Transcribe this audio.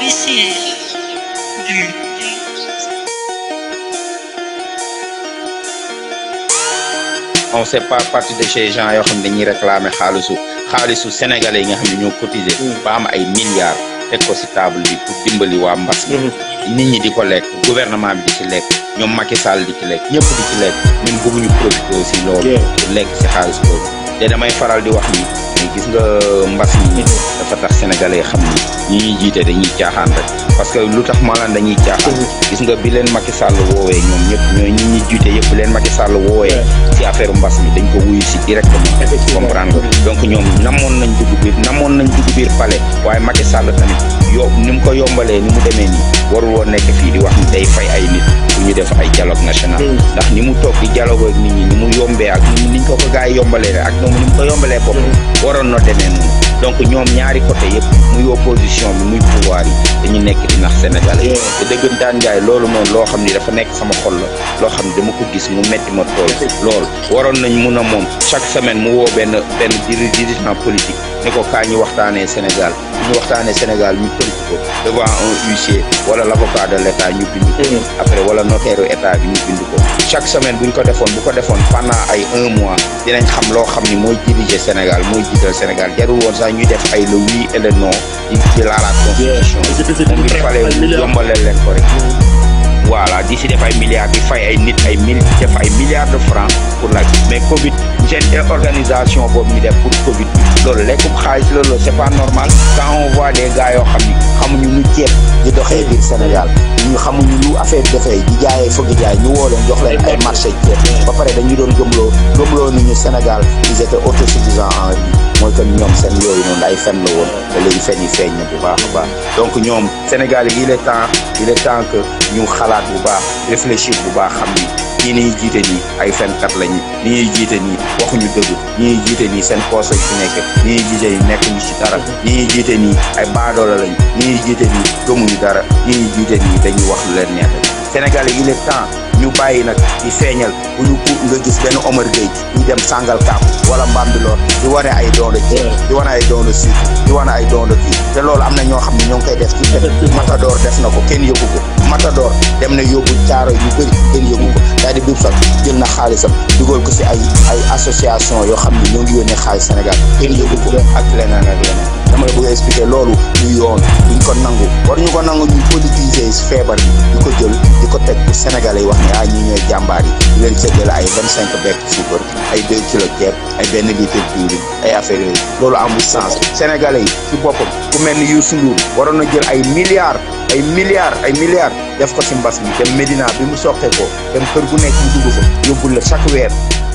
BCR Bulle on sait pas yoo xam ne dañuy réclamer xaalisu xaalisu sénégalais yi nga xam ne ñoo cotiser mm. ba am ay milliards teg ko si table bi pour dimbali waa mbas mm-hmm. nit ñi di ko lekk gouvernement bi di ci lekk ñoom Macky Sall di ci lekk ñëpp di ci lekk ñun bëgguñu profité si loolu lekk ci xaalis boobu te damay faral di wax ni gis nga mbas mi dafa tax sénégalais xam ni ñi ñuy jiite dañuy caaxaan rek parce que lu tax maalaan dañuy caaxaan gis nga bi leen Macky Sall woowee ñoom ñëpp ñu ñi ñuy jiite yëpp bi leen Macky Sall woowee ci affaire mbas mi dañ ko wuyu si directement comprendre donc ñoom namoon nañ dugg biir namoon nañ dugg biir palais waaye Macky Sall tamit yo ni mu ko yombalee ni mu demee nii warul woon nekk fii di wax ni day fay ay nit pour ñu def ay dialogue national hmm. ndax ni mu toog di dialogue nii nit mu yombee ak ni ñu ko ko gars yombalee ak ñoom ni mu ko yombalee bopp hmm. waroon na demee noonu donc ñoom ñaari côté yëpp muy opposition bi muy pouvoir yi dañu nekk di nax Sénégalais hmm. te dëggantaan Njaay loolu moom loo xam ni dafa nekk sama xol loo xam ni dama ko gis mu metti ma toog lool waroon nañ mun a moom chaque semaine mu woo benn benn dirigeant politique ne ko kaa ñu waxtaanee Sénégal ñu waxtaanee Sénégal ñu tënk ko devant un huissier wala l' avocat de l' état ñu bind ko mm-hmm. après wala notaire état bi ñu bind ko chaque semaine buñ ko defoon bu ko defoon pendant ay un mois dinañ xam loo xam ni mooy diriger Sénégal mooy jiital Sénégal jarul woon sax ñuy def ay le oui et le non di ci laalaat constitution moom il fallait yombalal leen ko rek voilà di si def ay milliards i fay ay nit ay mil def ay milliards de francs pour la mais Covid gene organisation boobu ñu def pour Covid loolu lekkum xaalis la loolu c'est pas normal san on voit les yoo xam ni xamuñu lu ceeb doxee biir Sénégal ñu xamuñu lu affaire doxee di jaayee fëgg jaay ñu woo leen jox leen marché ceeb ba pare dañuy doon gëmloo gëmloo ni ñu Sénégal ils étaient autosuffisants en mooy que ñoom seen yooyu noonu ay fen la woon te léegi fen yi feeñ na bu baax a baax donc ñoom Sénégal yi il est temps il est temps que ñu xalaat bu baax réfléchir bu baax xam ni ñii ni ñuy jiite nii ay fenkat lañu ñi ñuy jiite nii waxuñu dëgg ñi ñuy jiite nii seen poos lañ ci nekk ñi ñuy jiite nii nekk ñu ci dara ñi ñuy jiite nii ay baadoola lañu ñi ñuy jiite nii gëmuñu dara ñi ñuy jiite nii dañuy wax lu leen neex Sénégal il est temps ñu bàyyi nag di feeñal bu ñu kuub nga gis benn Omar Gueye ñi dem sàngal kaam wala Mbambilor di wane ay doole ji di wane ay doole suuf di wane ay doole fii te loolu am na ñoo xam ne ñoo ngi koy def ci dëkk Matador def na ko kenn yëgu ko Matador dem na yóbbu caaro yu bëri kenn yëgu ko daal di Bib Fat jël na xaalisam dugal ko si ay ay association yoo xam ne ñoo ngi yónnee xaalis Sénégal kenn yëgu ko ak leneen ak leneen dama la bëgg expliquer loolu du yoon duñ ko nangu war ñu ko nangu ñu politiser feebar bi di ko jël di ko teg pour Sénégalais wax ne ah ñi ñooy jàmbaar yi di leen séddale ay vingt cinq bekk suukar ay deux kilo ceeb ay benn litre diwlin ay affaire loolu amul sens sénégalais yi ci boppam ku mel ni Youssou Ndour waroon na jël ay milliards ay milliards ay milliards def ko si mbas mi dem Médina bi mu soqee ko dem kër gu nekk mu dugg fa yóbbul la chaque weer